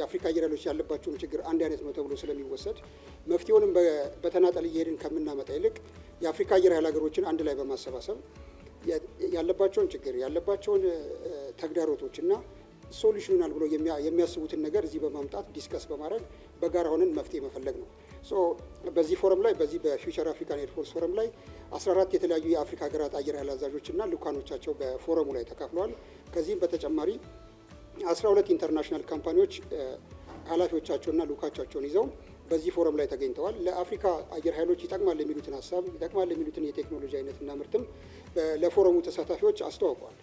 የአፍሪካ አየር ኃይሎች ያለባቸውን ችግር አንድ አይነት ነው ተብሎ ስለሚወሰድ መፍትሄውንም በተናጠል እየሄድን ከምናመጣ ይልቅ የአፍሪካ አየር ኃይል ሀገሮችን አንድ ላይ በማሰባሰብ ያለባቸውን ችግር ያለባቸውን ተግዳሮቶች እና ሶሉሽኑናል ብሎ የሚያስቡትን ነገር እዚህ በማምጣት ዲስከስ በማድረግ በጋራ ሆነን መፍትሄ መፈለግ ነው። በዚህ ፎረም ላይ በዚህ በፊውቸር አፍሪካን ኤርፎርስ ፎረም ላይ 14 የተለያዩ የአፍሪካ ሀገራት አየር ኃይል አዛዦች እና ልኡካኖቻቸው በፎረሙ ላይ ተካፍለዋል። ከዚህም በተጨማሪ አስራ ሁለት ኢንተርናሽናል ካምፓኒዎች ኃላፊዎቻቸውና ልኡካቻቸውን ይዘው በዚህ ፎረም ላይ ተገኝተዋል። ለአፍሪካ አየር ኃይሎች ይጠቅማል የሚሉትን ሀሳብ ይጠቅማል የሚሉትን የቴክኖሎጂ አይነትና ምርትም ለፎረሙ ተሳታፊዎች አስተዋውቀዋል።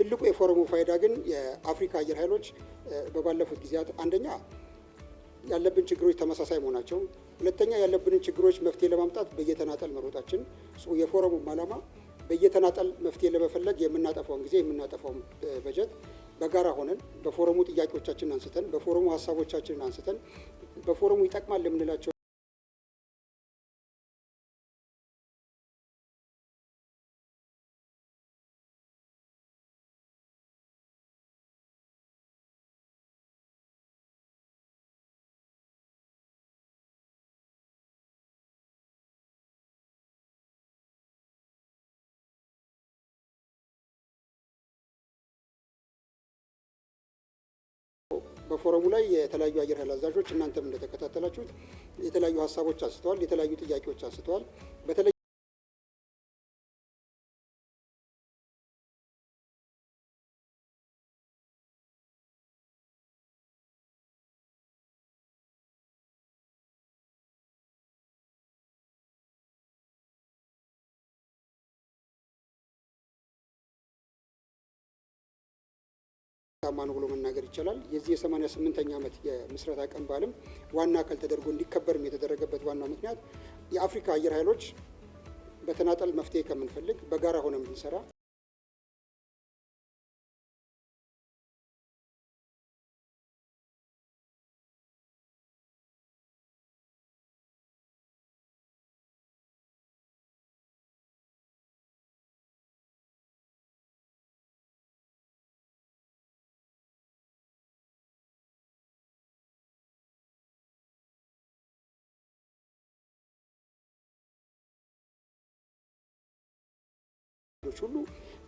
ትልቁ የፎረሙ ፋይዳ ግን የአፍሪካ አየር ኃይሎች በባለፉት ጊዜያት አንደኛ ያለብን ችግሮች ተመሳሳይ መሆናቸው፣ ሁለተኛ ያለብንን ችግሮች መፍትሄ ለማምጣት በየተናጠል መሮጣችን፣ የፎረሙ ዓላማ በየተናጠል መፍትሄ ለመፈለግ የምናጠፋውን ጊዜ የምናጠፋውን በጀት በጋራ ሆነን በፎረሙ ጥያቄዎቻችንን አንስተን በፎረሙ ሀሳቦቻችንን አንስተን በፎረሙ ይጠቅማል የምንላቸው በፎረሙ ላይ የተለያዩ አየር ኃይል አዛዦች እናንተም እንደተከታተላችሁት የተለያዩ ሀሳቦች አንስተዋል፣ የተለያዩ ጥያቄዎች አንስተዋል። በተለይ ማ ነው ብሎ መናገር ይቻላል። የዚህ የ ስምንተኛ ኛ ዓመት የምስረታ ቀን በዓልም ዋና አካል ተደርጎ እንዲከበርም የተደረገበት ዋናው ምክንያት የአፍሪካ አየር ኃይሎች በተናጠል መፍትሄ ከምንፈልግ በጋራ ሆነ ብንሰራ ሀገሮች ሁሉ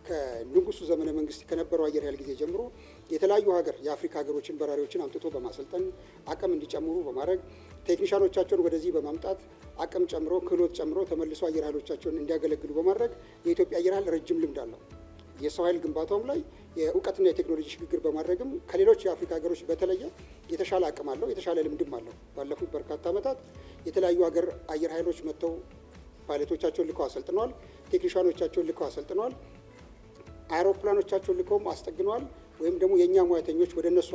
ከንጉሱ ዘመነ መንግስት ከነበረው አየር ኃይል ጊዜ ጀምሮ የተለያዩ ሀገር የአፍሪካ ሀገሮችን በራሪዎችን አምጥቶ በማሰልጠን አቅም እንዲጨምሩ በማድረግ ቴክኒሻኖቻቸውን ወደዚህ በማምጣት አቅም ጨምሮ ክህሎት ጨምሮ ተመልሶ አየር ኃይሎቻቸውን እንዲያገለግሉ በማድረግ የኢትዮጵያ አየር ኃይል ረጅም ልምድ አለው። የሰው ኃይል ግንባታውም ላይ የእውቀትና የቴክኖሎጂ ሽግግር በማድረግም ከሌሎች የአፍሪካ ሀገሮች በተለየ የተሻለ አቅም አለው፣ የተሻለ ልምድም አለው። ባለፉት በርካታ ዓመታት የተለያዩ ሀገር አየር ኃይሎች መጥተው ፓይለቶቻቸውን ልከው አሰልጥነዋል። ቴክኒሻኖቻቸውን ልከው አሰልጥነዋል። አይሮፕላኖቻቸውን ልከውም አስጠግነዋል። ወይም ደግሞ የእኛ ሙያተኞች ወደ እነሱ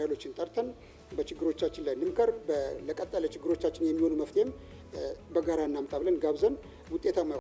የእግር ኃይሎችን ጠርተን በችግሮቻችን ላይ እንምከር፣ ለቀጣይ ለችግሮቻችን የሚሆኑ መፍትሄም በጋራ እናምጣ ብለን ጋብዘን ውጤታማ